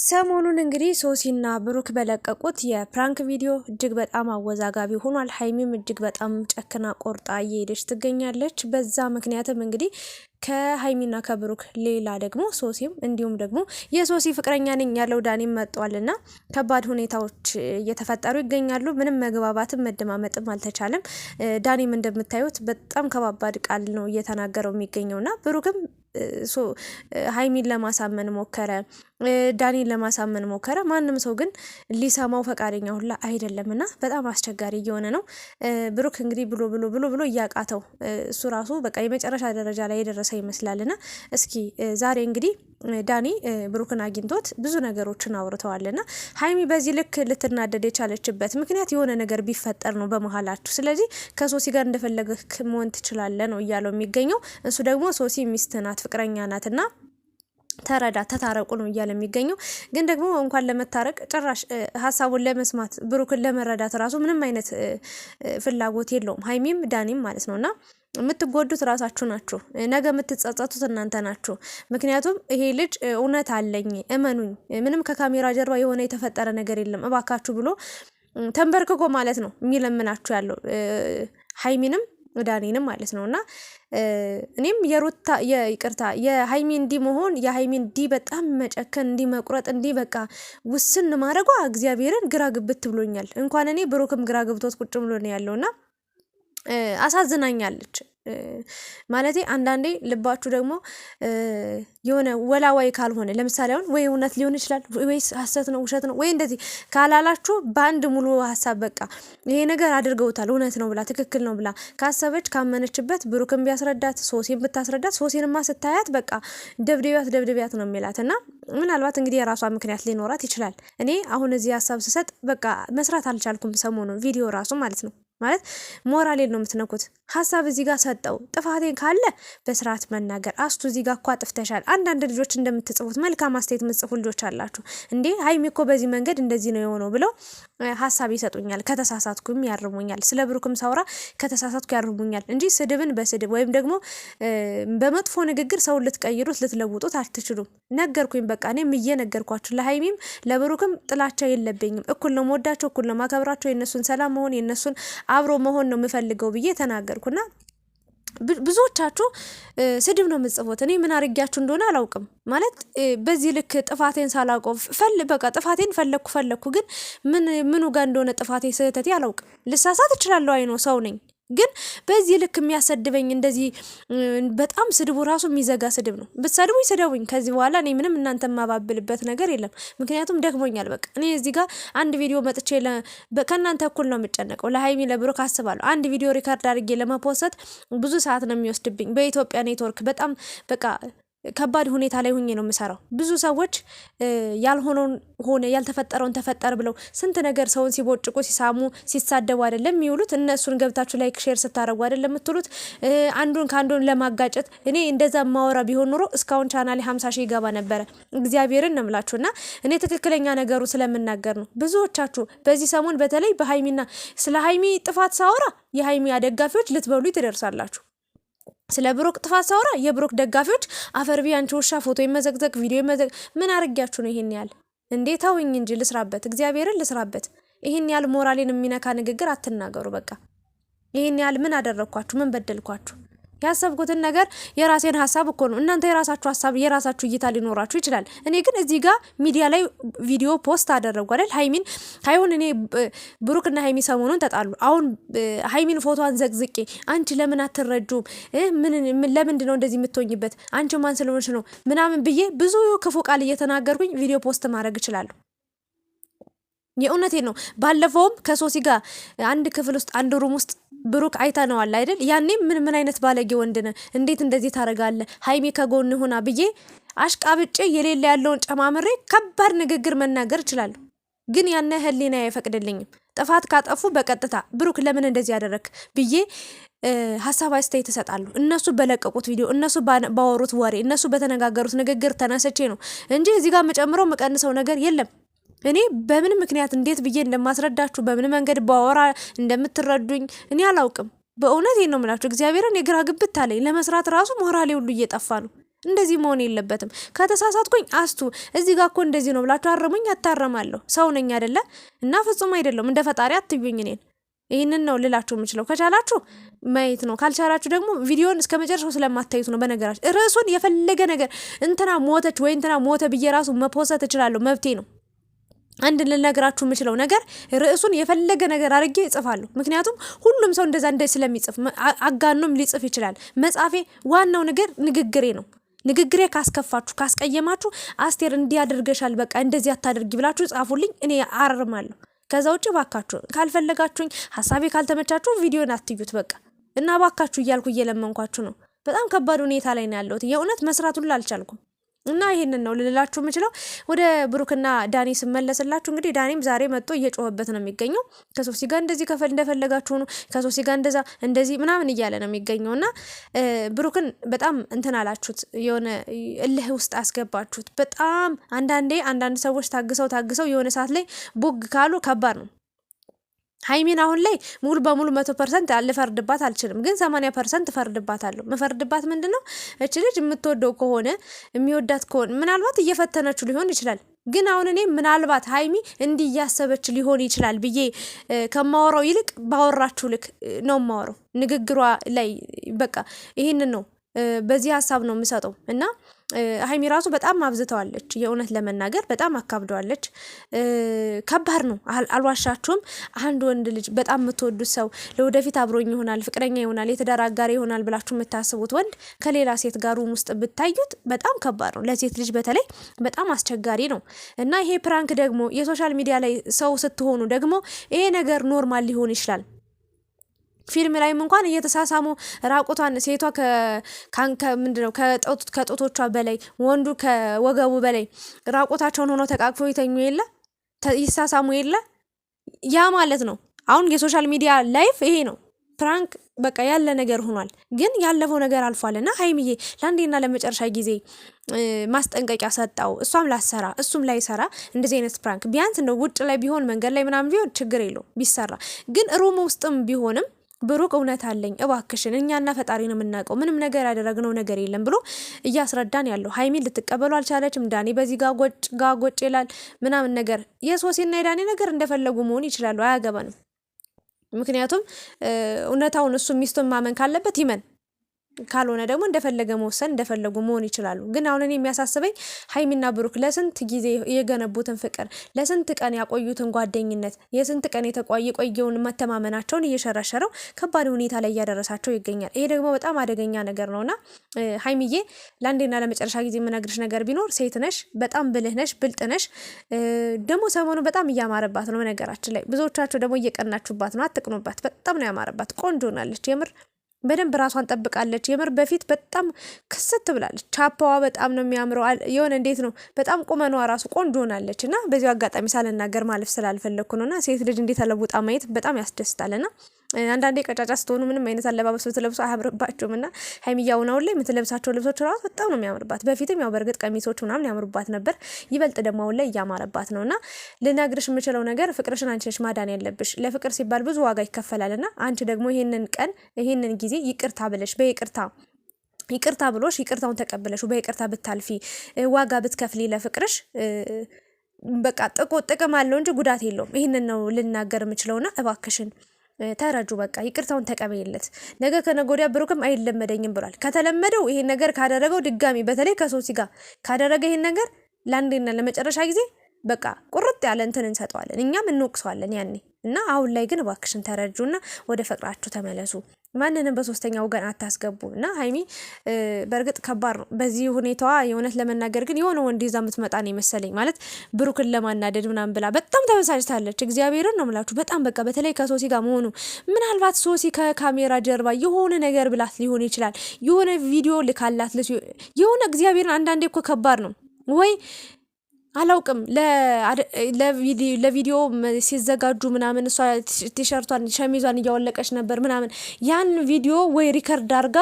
ሰሞኑን እንግዲህ ሶሲና ብሩክ በለቀቁት የፕራንክ ቪዲዮ እጅግ በጣም አወዛጋቢ ሆኗል። ሀይሚም እጅግ በጣም ጨክና ቆርጣ እየሄደች ትገኛለች። በዛ ምክንያትም እንግዲህ ከሀይሚና ከብሩክ ሌላ ደግሞ ሶሲም እንዲሁም ደግሞ የሶሲ ፍቅረኛ ነኝ ያለው ዳኒም መጥቷልና ከባድ ሁኔታዎች እየተፈጠሩ ይገኛሉ። ምንም መግባባትም መደማመጥም አልተቻለም። ዳኒም እንደምታዩት በጣም ከባባድ ቃል ነው እየተናገረው የሚገኘውና ብሩክም ሀይሚን ለማሳመን ሞከረ፣ ዳኒን ለማሳመን ሞከረ። ማንም ሰው ግን ሊሰማው ፈቃደኛ ሁላ አይደለም እና በጣም አስቸጋሪ እየሆነ ነው። ብሩክ እንግዲህ ብሎ ብሎ ብሎ ብሎ እያቃተው እሱ ራሱ በቃ የመጨረሻ ደረጃ ላይ የደረሰ ይመስላልና እስኪ ዛሬ እንግዲህ ዳኒ ብሩክን አግኝቶት ብዙ ነገሮችን አውርተዋልና ሀይሚ በዚህ ልክ ልትናደድ የቻለችበት ምክንያት የሆነ ነገር ቢፈጠር ነው በመሀላችሁ። ስለዚህ ከሶሲ ጋር እንደፈለገህ መሆን ትችላለህ ነው እያለው የሚገኘው። እሱ ደግሞ ሶሲ ሚስት ናት፣ ፍቅረኛ ተረዳ ተታረቁ ነው እያለ የሚገኘው። ግን ደግሞ እንኳን ለመታረቅ ጭራሽ ሀሳቡን ለመስማት ብሩክን ለመረዳት ራሱ ምንም አይነት ፍላጎት የለውም ሀይሚም ዳኒም ማለት ነውና የምትጎዱት ራሳችሁ ናችሁ። ነገ የምትጸጸቱት እናንተ ናችሁ። ምክንያቱም ይሄ ልጅ እውነት አለኝ እመኑኝ፣ ምንም ከካሜራ ጀርባ የሆነ የተፈጠረ ነገር የለም እባካችሁ ብሎ ተንበርክኮ ማለት ነው የሚለምናችሁ ያለው ሀይሚንም ዳኔንም ማለት ነው። እና እኔም የሩታ የይቅርታ የሀይሚ እንዲ መሆን የሀይሚ እንዲ በጣም መጨከን እንዲ መቁረጥ እንዲ በቃ ውስን ማድረጓ እግዚአብሔርን ግራ ግብት ብሎኛል። እንኳን እኔ ብሩክም ግራ ግብቶት ቁጭ ብሎ ነው እና አሳዝናኛለች። ማለት አንዳንዴ ልባችሁ ደግሞ የሆነ ወላዋይ ካልሆነ ለምሳሌ አሁን ወይ እውነት ሊሆን ይችላል ወይ ሀሰት ነው ውሸት ነው ወይ እንደዚህ ካላላችሁ በአንድ ሙሉ ሀሳብ በቃ ይሄ ነገር አድርገውታል እውነት ነው ብላ ትክክል ነው ብላ ካሰበች ካመነችበት፣ ብሩክን ቢያስረዳት ሶሴን ብታስረዳት ሶሴንማ ስታያት በቃ ደብደቢያት ደብደቢያት ነው የሚላት እና ምናልባት እንግዲህ የራሷ ምክንያት ሊኖራት ይችላል። እኔ አሁን እዚህ ሀሳብ ስሰጥ በቃ መስራት አልቻልኩም ሰሞኑን ቪዲዮ ራሱ ማለት ነው። ማለት ሞራሌን ነው የምትነኩት። ሀሳብ እዚህ ጋር ሰጠው። ጥፋቴን ካለ በስርዓት መናገር አስቱ እዚህ ጋር እኮ አጥፍተሻል። አንዳንድ ልጆች እንደምትጽፉት መልካም አስተያየት የምትጽፉ ልጆች አላችሁ። እንዴ ሀይሚ እኮ በዚህ መንገድ እንደዚህ ነው የሆነው ብለው ሀሳብ ይሰጡኛል። ከተሳሳትኩም ያርሙኛል። ስለ ብሩክም ሳውራ ከተሳሳትኩ ያርሙኛል እንጂ ስድብን በስድብ ወይም ደግሞ በመጥፎ ንግግር ሰውን ልትቀይሩት ልትለውጡት አትችሉም። ነገርኩኝ። በቃ እኔም እየነገርኳችሁ ለሀይሚም ለብሩክም ጥላቻ የለብኝም። እኩል ነው መወዳቸው፣ እኩል ነው ማከብራቸው። የእነሱን ሰላም መሆን የእነሱን አብሮ መሆን ነው የምፈልገው ብዬ ተናገርኩ። ተባልኩና ብዙዎቻችሁ ስድብ ነው የምጽፉት። እኔ ምን አርጊያችሁ እንደሆነ አላውቅም። ማለት በዚህ ልክ ጥፋቴን ሳላውቀው ፈል በቃ ጥፋቴን ፈለግኩ ፈለግኩ፣ ግን ምን ምኑ ጋር እንደሆነ ጥፋቴ ስህተቴ አላውቅም። ልሳሳት እችላለሁ፣ አይኖ ሰው ነኝ። ግን በዚህ ልክ የሚያሰድበኝ እንደዚህ በጣም ስድቡ ራሱ የሚዘጋ ስድብ ነው። ብትሰድቡ ይስደቡኝ። ከዚህ በኋላ እኔ ምንም እናንተ የማባብልበት ነገር የለም። ምክንያቱም ደክሞኛል። በቃ እኔ እዚህ ጋር አንድ ቪዲዮ መጥቼ ከእናንተ እኩል ነው የምጨነቀው። ለሀይሚ ለብሩክ አስባለሁ። አንድ ቪዲዮ ሪካርድ አድርጌ ለመፖሰት ብዙ ሰዓት ነው የሚወስድብኝ በኢትዮጵያ ኔትወርክ በጣም በቃ ከባድ ሁኔታ ላይ ሁኜ ነው የምሰራው። ብዙ ሰዎች ያልሆነውን ሆነ ያልተፈጠረውን ተፈጠር ብለው ስንት ነገር ሰውን ሲቦጭቁ፣ ሲሳሙ፣ ሲሳደቡ አይደለም የሚውሉት። እነሱን ገብታችሁ ላይክ ሼር ስታደረጉ አይደለም የምትሉት። አንዱን ከአንዱን ለማጋጨት እኔ እንደዛ ማወራ ቢሆን ኑሮ እስካሁን ቻናሌ ሀምሳ ሺህ ይገባ ነበረ። እግዚአብሔርን ነው የምላችሁ እና እኔ ትክክለኛ ነገሩ ስለምናገር ነው። ብዙዎቻችሁ በዚህ ሰሞን በተለይ በሀይሚና ስለ ሀይሚ ጥፋት ሳወራ የሀይሚ ደጋፊዎች ልትበሉ ትደርሳላችሁ። ስለ ብሩክ ጥፋት ሳውራ የብሩክ ደጋፊዎች አፈር ቢያንቺ ውሻ ፎቶ የመዘግዘግ ቪዲዮ የመዘግ ምን አርጊያችሁ ነው? ይሄን ያህል እንዴ ተውኝ እንጂ ልስራበት፣ እግዚአብሔርን ልስራበት። ይሄን ያህል ሞራሌን የሚነካ ንግግር አትናገሩ። በቃ ይሄን ያህል ምን አደረግኳችሁ? ምን በደልኳችሁ? ያሰብኩትን ነገር የራሴን ሀሳብ እኮ ነው። እናንተ የራሳችሁ ሀሳብ የራሳችሁ እይታ ሊኖራችሁ ይችላል። እኔ ግን እዚህ ጋር ሚዲያ ላይ ቪዲዮ ፖስት አደረጉ አይደል? ሀይሚን ሀይሁን እኔ ብሩክና ሀይሚ ሰሞኑን ተጣሉ። አሁን ሀይሚን ፎቶን ዘቅዝቄ አንቺ ለምን አትረጁም? ለምንድ ነው እንደዚህ የምትሆኝበት? አንቺ ማን ስለሆንሽ ነው ምናምን ብዬ ብዙ ክፉ ቃል እየተናገርኩኝ ቪዲዮ ፖስት ማድረግ እችላለሁ። የእውነቴ ነው። ባለፈውም ከሶሲ ጋር አንድ ክፍል ውስጥ አንድ ሩም ውስጥ ብሩክ አይታ ነዋል አይደል? ያኔ ምን ምን አይነት ባለጌ ወንድ ነህ፣ እንዴት እንደዚህ ታደርጋለህ? ሀይሜ ከጎን ሆና ብዬ አሽቃብጬ የሌለ ያለውን ጨማምሬ ከባድ ንግግር መናገር እችላለሁ፣ ግን ያነ ህሊና አይፈቅድልኝም። ጥፋት ካጠፉ በቀጥታ ብሩክ ለምን እንደዚህ ያደረግ ብዬ ሀሳብ አስተያየት ይሰጣሉ። እነሱ በለቀቁት ቪዲዮ፣ እነሱ ባወሩት ወሬ፣ እነሱ በተነጋገሩት ንግግር ተነስቼ ነው እንጂ እዚህ ጋር መጨምረው መቀንሰው ነገር የለም። እኔ በምን ምክንያት እንዴት ብዬ እንደማስረዳችሁ በምን መንገድ በወራ እንደምትረዱኝ እኔ አላውቅም። በእውነት ነው የምላችሁ። እግዚአብሔርን የግራ ግብት አለኝ። ለመስራት ራሱ ሞራሌ ሁሉ እየጠፋ ነው። እንደዚህ መሆን የለበትም። ከተሳሳትኩኝ አስቱ እዚህ ጋር እኮ እንደዚህ ነው ብላችሁ አረሙኝ፣ አታረማለሁ። ሰው ነኝ አይደለ? እና ፍጹም አይደለም። እንደ ፈጣሪ አትዩኝ እኔን። ይህንን ነው ልላችሁ የምችለው። ከቻላችሁ ማየት ነው፣ ካልቻላችሁ ደግሞ ቪዲዮን እስከ መጨረሻው ስለማታዩት ነው። በነገራችሁ ርዕሱን የፈለገ ነገር እንትና ሞተች ወይ እንትና ሞተ ብዬ ራሱ መፖሰት እችላለሁ፣ መብቴ ነው። አንድ ልነግራችሁ የምችለው ነገር ርዕሱን የፈለገ ነገር አድርጌ እጽፋለሁ። ምክንያቱም ሁሉም ሰው እንደዛ እንደ ስለሚጽፍ አጋኖም ሊጽፍ ይችላል። መጻፌ ዋናው ነገር ንግግሬ ነው። ንግግሬ ካስከፋችሁ ካስቀየማችሁ፣ አስቴር እንዲያደርገሻል በቃ እንደዚህ አታደርጊ ብላችሁ ጻፉልኝ፣ እኔ አርማለሁ። ከዛ ውጭ ባካችሁ ካልፈለጋችሁኝ፣ ሀሳቤ ካልተመቻችሁ ቪዲዮን አትዩት በቃ እና ባካችሁ እያልኩ እየለመንኳችሁ ነው። በጣም ከባድ ሁኔታ ላይ ነው ያለሁት። የእውነት መስራት ሁሉ አልቻልኩም። እና ይህንን ነው ልልላችሁ የምችለው። ወደ ብሩክና ዳኒ ስመለስላችሁ እንግዲህ ዳኒም ዛሬ መጥቶ እየጮኸበት ነው የሚገኘው። ከሶሲ ጋር እንደዚህ ከፈል እንደፈለጋችሁ ነው ከሶሲ ጋር እንደዛ እንደዚህ ምናምን እያለ ነው የሚገኘው። እና ብሩክን በጣም እንትን አላችሁት፣ የሆነ እልህ ውስጥ አስገባችሁት። በጣም አንዳንዴ አንዳንድ ሰዎች ታግሰው ታግሰው የሆነ ሰዓት ላይ ቦግ ካሉ ከባድ ነው። ሀይሚን አሁን ላይ ሙሉ በሙሉ መቶ ፐርሰንት ልፈርድባት አልችልም፣ ግን ሰማንያ ፐርሰንት እፈርድባታለሁ። ምፈርድባት ምንድን ነው እች ልጅ የምትወደው ከሆነ የሚወዳት ከሆነ ምናልባት እየፈተነችው ሊሆን ይችላል። ግን አሁን እኔ ምናልባት ሀይሚ እንዲህ እያሰበች ሊሆን ይችላል ብዬ ከማወራው ይልቅ ባወራችሁ ልክ ነው ማወራው። ንግግሯ ላይ በቃ ይህንን ነው፣ በዚህ ሀሳብ ነው የምሰጠው እና ሀይሚ ራሱ በጣም አብዝተዋለች። የእውነት ለመናገር በጣም አካብደዋለች። ከባድ ነው፣ አልዋሻችሁም። አንድ ወንድ ልጅ በጣም የምትወዱት ሰው ለወደፊት አብሮኝ ይሆናል፣ ፍቅረኛ ይሆናል፣ የትዳር አጋሪ ይሆናል ብላችሁ የምታስቡት ወንድ ከሌላ ሴት ጋር ሩም ውስጥ ብታዩት በጣም ከባድ ነው። ለሴት ልጅ በተለይ በጣም አስቸጋሪ ነው እና ይሄ ፕራንክ ደግሞ የሶሻል ሚዲያ ላይ ሰው ስትሆኑ ደግሞ ይሄ ነገር ኖርማል ሊሆን ይችላል። ፊልም ላይም እንኳን እየተሳሳሙ ራቁቷን ሴቷ ምንድነው ከጦቶቿ በላይ ወንዱ ከወገቡ በላይ ራቁታቸውን ሆኖ ተቃቅፎ ይተኙ የለ ይሳሳሙ የለ ያ ማለት ነው። አሁን የሶሻል ሚዲያ ላይፍ ይሄ ነው። ፕራንክ በቃ ያለ ነገር ሆኗል። ግን ያለፈው ነገር አልፏል እና ሀይሚዬ ለአንዴና ለመጨረሻ ጊዜ ማስጠንቀቂያ ሰጣው። እሷም ላሰራ እሱም ላይሰራ እንደዚህ አይነት ፕራንክ ቢያንስ እንደ ውጭ ላይ ቢሆን መንገድ ላይ ምናምን ቢሆን ችግር የለው ቢሰራ ግን ሩም ውስጥም ቢሆንም ብሩክ እውነት አለኝ እባክሽን፣ እኛና ፈጣሪ ነው የምናውቀው፣ ምንም ነገር ያደረግነው ነገር የለም ብሎ እያስረዳን ያለው ሀይሚን ልትቀበሉ አልቻለችም። ዳኔ በዚህ ጋጎጭ ጋጎጭ ይላል ምናምን ነገር። የሶሲና የዳኔ ነገር እንደፈለጉ መሆን ይችላሉ፣ አያገባንም። ምክንያቱም እውነታውን እሱ ሚስቱን ማመን ካለበት ይመን ካልሆነ ደግሞ እንደፈለገ መወሰን እንደፈለጉ መሆን ይችላሉ። ግን አሁን እኔ የሚያሳስበኝ ሀይሚና ብሩክ ለስንት ጊዜ የገነቡትን ፍቅር፣ ለስንት ቀን ያቆዩትን ጓደኝነት፣ የስንት ቀን የቆየውን መተማመናቸውን እየሸረሸረው ከባድ ሁኔታ ላይ እያደረሳቸው ይገኛል። ይሄ ደግሞ በጣም አደገኛ ነገር ነውና ሀይሚዬ ለአንዴና ለመጨረሻ ጊዜ የምነግርሽ ነገር ቢኖር ሴት ነሽ፣ በጣም ብልህ ነሽ፣ ብልጥ ነሽ። ደግሞ ሰሞኑ በጣም እያማረባት ነው። በነገራችን ላይ ብዙዎቻቸው ደግሞ እየቀናችሁባት ነው። አትቅኑባት። በጣም ነው ያማረባት። ቆንጆ ናለች የምር በደንብ ራሷን ጠብቃለች። የምር በፊት በጣም ክስት ብላለች። ቻፓዋ በጣም ነው የሚያምረው። የሆነ እንዴት ነው በጣም ቁመኗ ራሱ ቆንጆ ሆናለች። እና በዚሁ አጋጣሚ ሳልናገር ማለፍ ስላልፈለግኩ ነው። እና ሴት ልጅ እንዴት ተለውጣ ማየት በጣም ያስደስታል እና አንዳንዴ ቀጫጫ ስትሆኑ ምንም አይነት አለባበስ ብትለብሱ አያምርባችሁም። እና ሀይሚያውን አሁን ላይ የምትለብሳቸው ልብሶች ራሱ በጣም ነው የሚያምርባት። በፊትም ያው በእርግጥ ቀሚሶች ምናምን ያምርባት ነበር፣ ይበልጥ ደግሞ አሁን ላይ እያማረባት ነው። እና ልነግርሽ የምችለው ነገር ፍቅርሽን አንቺ ነሽ ማዳን ያለብሽ። ለፍቅር ሲባል ብዙ ዋጋ ይከፈላል። እና አንቺ ደግሞ ይህንን ቀን ይህንን ጊዜ ይቅርታ ብለሽ በይቅርታ ይቅርታ ብሎሽ ይቅርታውን ተቀብለሽ በይቅርታ ብታልፊ ዋጋ ብትከፍሊ ለፍቅርሽ በቃ ጥቁ ጥቅም አለው እንጂ ጉዳት የለውም። ይህንን ነው ልናገር የምችለውና እባክሽን ተረጁ በቃ ይቅርታውን ተቀበይለት። ነገ ከነጎዲያ ብሩክም አይለመደኝም ብሏል። ከተለመደው ይሄን ነገር ካደረገው ድጋሚ በተለይ ከሶሲ ጋር ካደረገ ይሄን ነገር ለአንዴና ለመጨረሻ ጊዜ በቃ ቁርጥ ያለ እንትን እንሰጠዋለን፣ እኛም እንወቅሰዋለን ያኔ እና አሁን ላይ ግን እባክሽን ተረጁና ወደ ፍቅራችሁ ተመለሱ። ማንንም በሶስተኛ ወገን አታስገቡ እና ሀይሚ በእርግጥ ከባድ ነው በዚህ ሁኔታዋ። የእውነት ለመናገር ግን የሆነ ወንድ ይዛ የምትመጣ ነው የመሰለኝ። ማለት ብሩክን ለማናደድ ምናምን ብላ በጣም ተበሳጭታለች። እግዚአብሔርን ነው ምላችሁ። በጣም በቃ በተለይ ከሶሲ ጋር መሆኑ ምናልባት ሶሲ ከካሜራ ጀርባ የሆነ ነገር ብላት ሊሆን ይችላል። የሆነ ቪዲዮ ልካላት የሆነ እግዚአብሔርን አንዳንዴ እኮ ከባድ ነው ወይ አላውቅም ለቪዲዮ ሲዘጋጁ ምናምን እሷ ቲሸርቷን ሸሚዟን እያወለቀች ነበር ምናምን ያን ቪዲዮ ወይ ሪከርድ አርጋ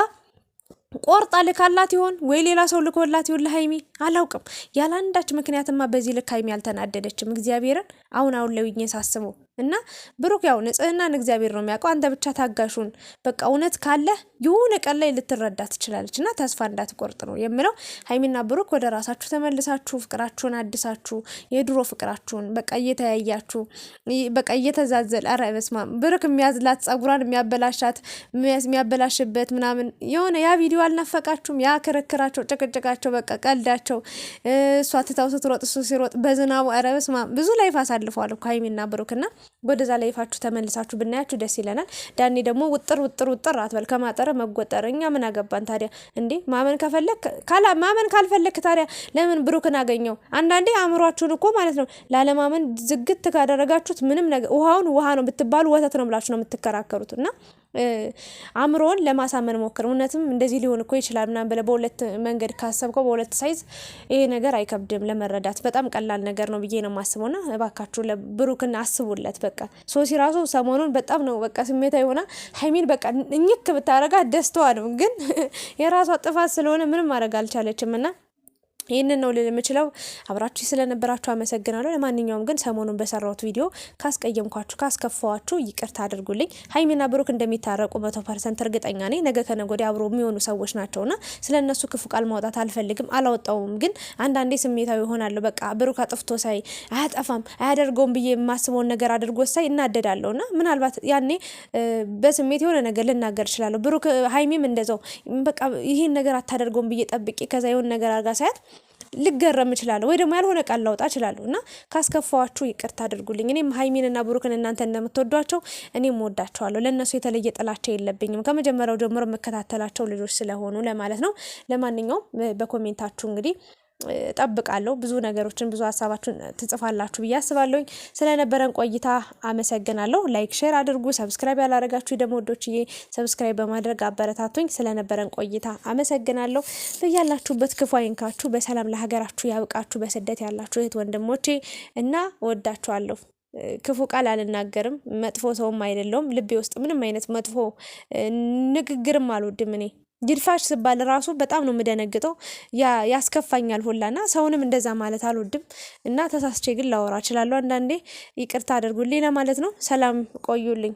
ቆርጣ ልካላት ይሆን ወይ ሌላ ሰው ልኮላት ይሆን ለሀይሚ አላውቅም። ያለ አንዳች ምክንያትማ በዚህ ልክ ሀይሚ አልተናደደችም። እግዚአብሔርን አሁን አሁን ለውኜ ሳስበው እና ብሩክ ያው ንጽህናን እግዚአብሔር ነው የሚያውቀው። አንተ ብቻ ታጋሹን በቃ እውነት ካለ የሆነ ቀን ላይ ልትረዳ ትችላለች እና ተስፋ እንዳትቆርጥ ነው የምለው። ሀይሚና ብሩክ ወደ ራሳችሁ ተመልሳችሁ ፍቅራችሁን አድሳችሁ የድሮ ፍቅራችሁን በቃ እየተያያችሁ በቃ እየተዛዘል ኧረ በስመ አብ ብሩክ የሚያዝላት ጸጉሯን የሚያበላሻት የሚያበላሽበት ምናምን የሆነ ያ ቪዲዮ አልናፈቃችሁም? ያ ክርክራቸው፣ ጭቅጭቃቸው፣ በቃ ቀልዳቸው እሷ ትታው ስትሮጥ እሱ ሲሮጥ በዝናቡ ኧረ በስመ አብ ብዙ ላይፍ አሳልፈዋል እኮ ሀይሚና ብሩክ እና ወደዛ ላይ ይፋችሁ ተመልሳችሁ ብናያችሁ ደስ ይለናል። ዳኒ ደግሞ ውጥር ውጥር ውጥር አትበል፣ ከማጠረ መጎጠር እኛ ምን አገባን ታዲያ? እንዴ ማመን ከፈለክ ማመን ካልፈለክ ታዲያ ለምን ብሩክን አገኘው? አንዳንዴ አእምሯችሁን እኮ ማለት ነው ላለማመን ዝግት ካደረጋችሁት ምንም ነገር ውሃውን ውሃ ነው ብትባሉ ወተት ነው ብላችሁ ነው የምትከራከሩት እና አእምሮን ለማሳመን ሞክር። እውነትም እንደዚህ ሊሆን እኮ ይችላል ምናምን ብለህ በሁለት መንገድ ካሰብከው በሁለት ሳይዝ ይሄ ነገር አይከብድም ለመረዳት። በጣም ቀላል ነገር ነው ብዬ ነው ና እባካችሁ ብሩክን አስቡለት። በቃ ሶሲ ራሱ ሰሞኑን በጣም ነው በቃ ስሜታ የሆና ሀይሚን በቃ እኝክ ብታረጋ ደስተዋ ነው፣ ግን የራሷ ጥፋት ስለሆነ ምንም ማድረግ አልቻለችም እና ይህንን ነው ልል የምችለው። አብራችሁ ስለነበራችሁ አመሰግናለሁ። ለማንኛውም ግን ሰሞኑን በሰራሁት ቪዲዮ ካስቀየምኳችሁ፣ ካስከፋዋችሁ ይቅርታ አድርጉልኝ። ሀይሚና ብሩክ እንደሚታረቁ መቶ ፐርሰንት እርግጠኛ ነኝ። ነገ ከነገ ወዲያ አብሮ የሚሆኑ ሰዎች ናቸውና ስለ እነሱ ክፉ ቃል ማውጣት አልፈልግም፣ አላወጣውም። ግን አንዳንዴ ስሜታዊ ይሆናለሁ። በቃ ብሩክ አጥፍቶ ሳይ አያጠፋም አያደርገውም ብዬ የማስበውን ነገር አድርጎ ሳይ እናደዳለሁ። እና ምናልባት ያኔ በስሜት የሆነ ነገር ልናገር እችላለሁ። ብሩክ ሀይሚም እንደዛው በቃ ይህን ነገር አታደርገውም ብዬ ጠብቄ ከዛ የሆን ነገር አድርጋ ሳያት ልገረም እችላለሁ ወይ ደግሞ ያልሆነ ቃል ላውጣ እችላለሁ። እና ካስከፋዋችሁ ይቅርታ አድርጉልኝ። እኔም ሀይሚንና ብሩክን እናንተ እንደምትወዷቸው እኔም ወዳቸዋለሁ። ለእነሱ የተለየ ጥላቻ የለብኝም። ከመጀመሪያው ጀምሮ የምከታተላቸው ልጆች ስለሆኑ ለማለት ነው። ለማንኛውም በኮሜንታችሁ እንግዲህ ጠብቃለሁ። ብዙ ነገሮችን ብዙ ሀሳባችሁን ትጽፋላችሁ ብዬ አስባለሁኝ። ስለነበረን ቆይታ አመሰግናለሁ። ላይክ፣ ሼር አድርጉ። ሰብስክራይብ ያላረጋችሁ ደግሞ ወዶችዬ ሰብስክራይብ በማድረግ አበረታቱኝ። ስለነበረን ቆይታ አመሰግናለሁ። በያላችሁበት ክፉ አይንካችሁ፣ በሰላም ለሀገራችሁ ያብቃችሁ። በስደት ያላችሁ እህት ወንድሞቼ እና ወዳችኋለሁ። ክፉ ቃል አልናገርም። መጥፎ ሰውም አይደለውም። ልቤ ውስጥ ምንም አይነት መጥፎ ንግግርም አልወድም እኔ ግድፋሽ ስባል ራሱ በጣም ነው የምደነግጠው፣ ያስከፋኛል ሁላና ሰውንም እንደዛ ማለት አልወድም እና ተሳስቼ ግን ላወራ እችላለሁ። አንዳንዴ ይቅርታ አድርጉልኝ ለማለት ነው። ሰላም ቆዩልኝ።